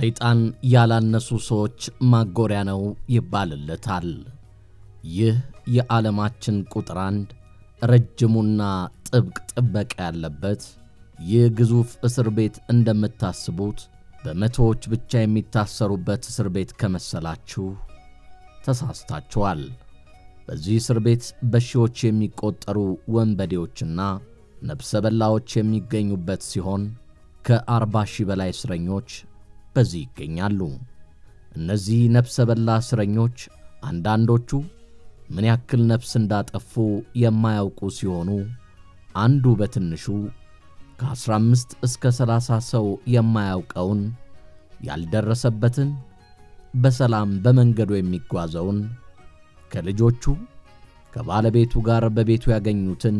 ሰይጣን ያላነሱ ሰዎች ማጎሪያ ነው ይባልለታል። ይህ የዓለማችን ቁጥር አንድ ረጅሙና ጥብቅ ጥበቃ ያለበት ይህ ግዙፍ እስር ቤት እንደምታስቡት በመቶዎች ብቻ የሚታሰሩበት እስር ቤት ከመሰላችሁ ተሳስታችኋል። በዚህ እስር ቤት በሺዎች የሚቆጠሩ ወንበዴዎችና ነብሰ በላዎች የሚገኙበት ሲሆን ከአርባ ሺህ በላይ እስረኞች በዚህ ይገኛሉ። እነዚህ ነፍሰ በላ እስረኞች አንዳንዶቹ ምን ያክል ነፍስ እንዳጠፉ የማያውቁ ሲሆኑ አንዱ በትንሹ ከ15 እስከ 30 ሰው የማያውቀውን ያልደረሰበትን በሰላም በመንገዱ የሚጓዘውን ከልጆቹ ከባለቤቱ ጋር በቤቱ ያገኙትን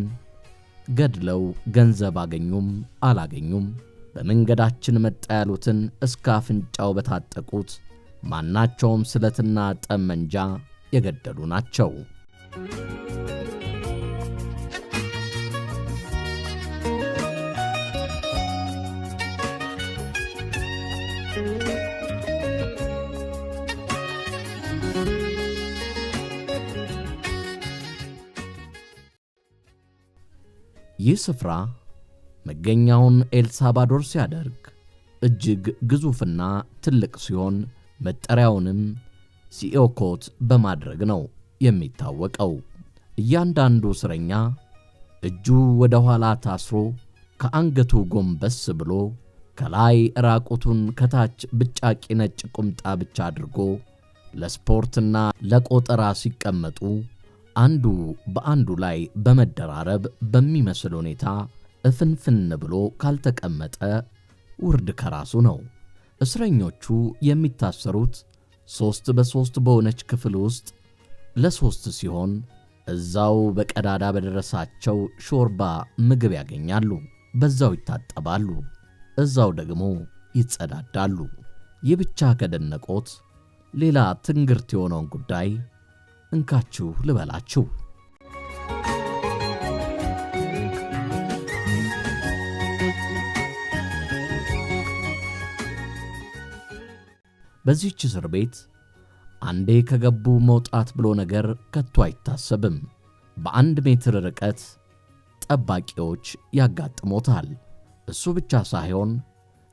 ገድለው ገንዘብ አገኙም አላገኙም በመንገዳችን መጣ ያሉትን እስከ አፍንጫው በታጠቁት ማናቸውም ስለትና ጠመንጃ የገደሉ ናቸው። ይህ ስፍራ መገኛውን ኤልሳባዶር ሲያደርግ እጅግ ግዙፍና ትልቅ ሲሆን መጠሪያውንም ሲኦኮት በማድረግ ነው የሚታወቀው። እያንዳንዱ እስረኛ እጁ ወደ ኋላ ታስሮ ከአንገቱ ጎንበስ ብሎ ከላይ ራቁቱን ከታች ብጫቂ ነጭ ቁምጣ ብቻ አድርጎ ለስፖርትና ለቆጠራ ሲቀመጡ አንዱ በአንዱ ላይ በመደራረብ በሚመስል ሁኔታ እፍንፍን ብሎ ካልተቀመጠ ውርድ ከራሱ ነው። እስረኞቹ የሚታሰሩት ሦስት በሦስት በሆነች ክፍል ውስጥ ለሦስት ሲሆን እዛው በቀዳዳ በደረሳቸው ሾርባ ምግብ ያገኛሉ። በዛው ይታጠባሉ፣ እዛው ደግሞ ይጸዳዳሉ። ይህ ብቻ ከደነቆት ሌላ ትንግርት የሆነውን ጉዳይ እንካችሁ ልበላችሁ። በዚች እስር ቤት አንዴ ከገቡ መውጣት ብሎ ነገር ከቶ አይታሰብም። በአንድ ሜትር ርቀት ጠባቂዎች ያጋጥሞታል። እሱ ብቻ ሳይሆን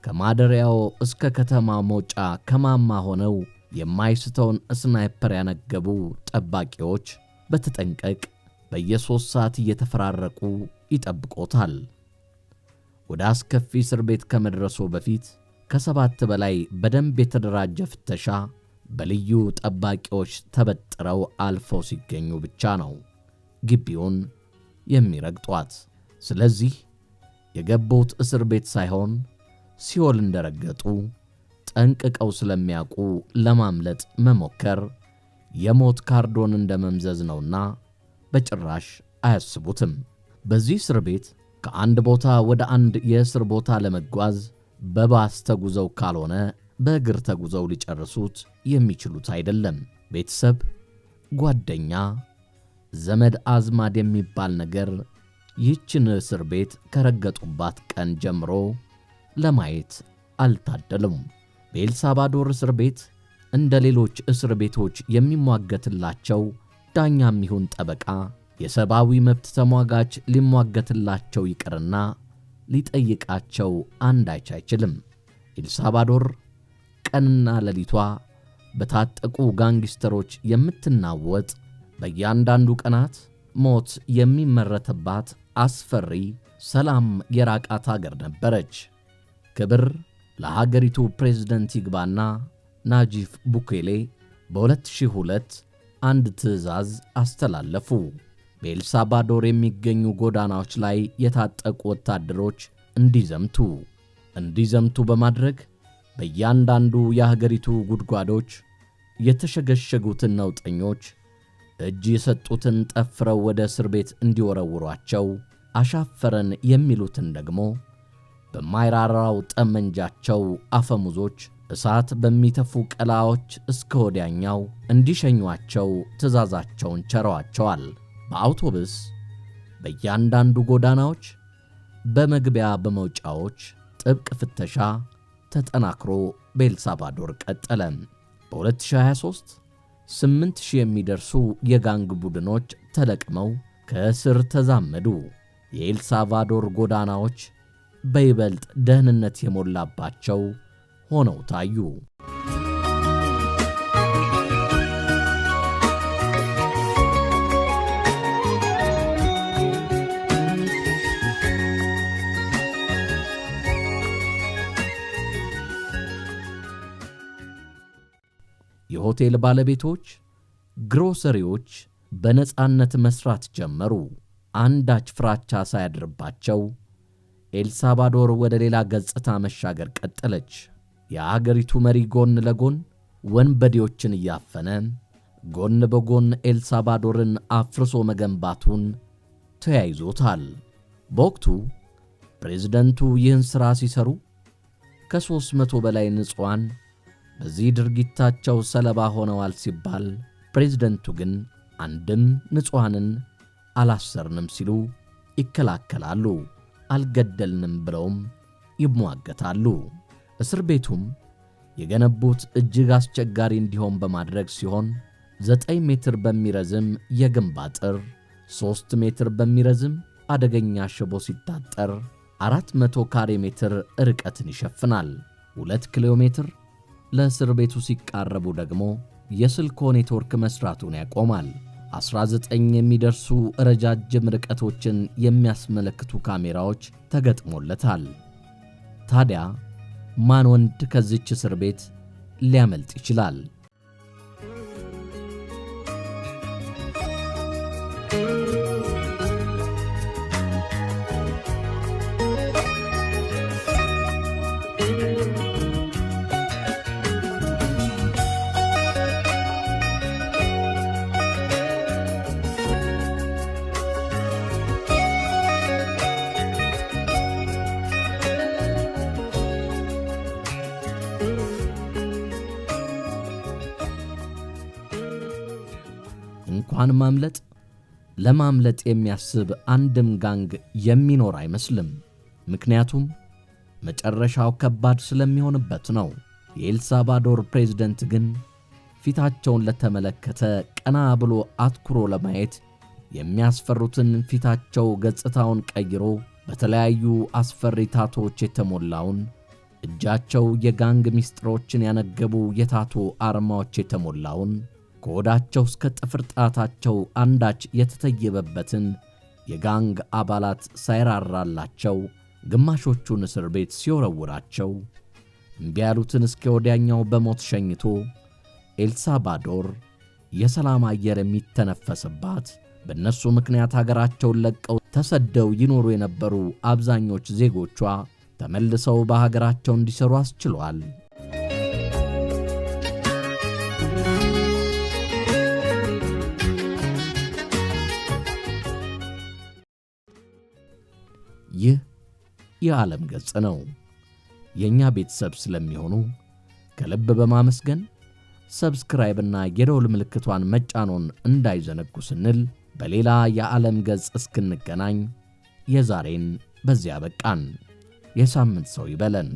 ከማደሪያው እስከ ከተማ መውጫ ከማማ ሆነው የማይስተውን ስናይፐር ያነገቡ ጠባቂዎች በተጠንቀቅ በየሦስት ሰዓት እየተፈራረቁ ይጠብቆታል። ወደ አስከፊ እስር ቤት ከመድረሱ በፊት ከሰባት በላይ በደንብ የተደራጀ ፍተሻ በልዩ ጠባቂዎች ተበጥረው አልፈው ሲገኙ ብቻ ነው ግቢውን የሚረግጧት። ስለዚህ የገቡት እስር ቤት ሳይሆን ሲኦል እንደረገጡ ጠንቅቀው ስለሚያውቁ ለማምለጥ መሞከር የሞት ካርዶን እንደ መምዘዝ ነውና በጭራሽ አያስቡትም። በዚህ እስር ቤት ከአንድ ቦታ ወደ አንድ የእስር ቦታ ለመጓዝ በባስ ተጉዘው ካልሆነ በእግር ተጉዘው ሊጨርሱት የሚችሉት አይደለም። ቤተሰብ፣ ጓደኛ፣ ዘመድ አዝማድ የሚባል ነገር ይህችን እስር ቤት ከረገጡባት ቀን ጀምሮ ለማየት አልታደልም። በኤልሳባዶር እስር ቤት እንደ ሌሎች እስር ቤቶች የሚሟገትላቸው ዳኛም ይሁን ጠበቃ የሰብአዊ መብት ተሟጋች ሊሟገትላቸው ይቅርና ሊጠይቃቸው አንዳች አይችልም። ኤልሳልቫዶር ቀንና ሌሊቷ በታጠቁ ጋንግስተሮች የምትናወጥ በእያንዳንዱ ቀናት ሞት የሚመረትባት አስፈሪ፣ ሰላም የራቃት አገር ነበረች። ክብር ለሀገሪቱ ፕሬዝደንት ይግባና ናጂፍ ቡኬሌ በ2002 አንድ ትዕዛዝ አስተላለፉ። በኤልሳልቫዶር የሚገኙ ጎዳናዎች ላይ የታጠቁ ወታደሮች እንዲዘምቱ እንዲዘምቱ በማድረግ በእያንዳንዱ የሀገሪቱ ጉድጓዶች የተሸገሸጉትን ነውጠኞች እጅ የሰጡትን ጠፍረው ወደ እስር ቤት እንዲወረውሯቸው አሻፈረን የሚሉትን ደግሞ በማይራራው ጠመንጃቸው አፈሙዞች እሳት በሚተፉ ቀላዎች እስከ ወዲያኛው እንዲሸኟቸው ትእዛዛቸውን ቸረዋቸዋል። በአውቶብስ በእያንዳንዱ ጎዳናዎች በመግቢያ በመውጫዎች ጥብቅ ፍተሻ ተጠናክሮ በኤልሳልቫዶር ቀጠለ። በ2023 8,000 የሚደርሱ የጋንግ ቡድኖች ተለቅመው ከእስር ተዛመዱ። የኤልሳልቫዶር ጎዳናዎች በይበልጥ ደህንነት የሞላባቸው ሆነው ታዩ። የሆቴል ባለቤቶች ግሮሰሪዎች በነፃነት መሥራት ጀመሩ። አንዳች ፍራቻ ሳያድርባቸው ኤልሳልቫዶር ወደ ሌላ ገጽታ መሻገር ቀጠለች። የአገሪቱ መሪ ጎን ለጎን ወንበዴዎችን እያፈነ ጎን በጎን ኤልሳልቫዶርን አፍርሶ መገንባቱን ተያይዞታል። በወቅቱ ፕሬዝደንቱ ይህን ሥራ ሲሠሩ ከሦስት መቶ በላይ ንጹዋን በዚህ ድርጊታቸው ሰለባ ሆነዋል ሲባል ፕሬዝደንቱ ግን አንድም ንጹሐንን አላሰርንም ሲሉ ይከላከላሉ፣ አልገደልንም ብለውም ይሟገታሉ። እስር ቤቱም የገነቡት እጅግ አስቸጋሪ እንዲሆን በማድረግ ሲሆን ዘጠኝ ሜትር በሚረዝም የግንብ አጥር ሦስት ሜትር በሚረዝም አደገኛ ሽቦ ሲታጠር አራት መቶ ካሬ ሜትር ርቀትን ይሸፍናል። ሁለት ኪሎ ሜትር ለእስር ቤቱ ሲቃረቡ ደግሞ የስልኮ ኔትወርክ መስራቱን ያቆማል። 19 የሚደርሱ ረጃጅም ርቀቶችን የሚያስመለክቱ ካሜራዎች ተገጥሞለታል። ታዲያ ማን ወንድ ከዚች እስር ቤት ሊያመልጥ ይችላል? እንኳን ማምለጥ ለማምለጥ የሚያስብ አንድም ጋንግ የሚኖር አይመስልም። ምክንያቱም መጨረሻው ከባድ ስለሚሆንበት ነው። የኤልሳልቫዶር ፕሬዝደንት ግን ፊታቸውን ለተመለከተ ቀና ብሎ አትኩሮ ለማየት የሚያስፈሩትን ፊታቸው ገጽታውን ቀይሮ በተለያዩ አስፈሪ ታቶዎች የተሞላውን እጃቸው የጋንግ ምስጢሮችን ያነገቡ የታቶ አርማዎች የተሞላውን ከወዳቸው እስከ ጥፍር ጣታቸው አንዳች የተተየበበትን የጋንግ አባላት ሳይራራላቸው ግማሾቹን እስር ቤት ሲወረውራቸው እምቢ ያሉትን እስከ ወዲያኛው በሞት ሸኝቶ ኤልሳባዶር የሰላም አየር የሚተነፈስባት በእነሱ ምክንያት አገራቸውን ለቀው ተሰደው ይኖሩ የነበሩ አብዛኞች ዜጎቿ ተመልሰው በሀገራቸው እንዲሰሩ አስችሏል። ይህ የዓለም ገጽ ነው። የእኛ ቤተሰብ ስለሚሆኑ ከልብ በማመስገን ሰብስክራይብና የደውል ምልክቷን መጫኖን እንዳይዘነጉ ስንል በሌላ የዓለም ገጽ እስክንገናኝ የዛሬን በዚያ በቃን። የሳምንት ሰው ይበለን።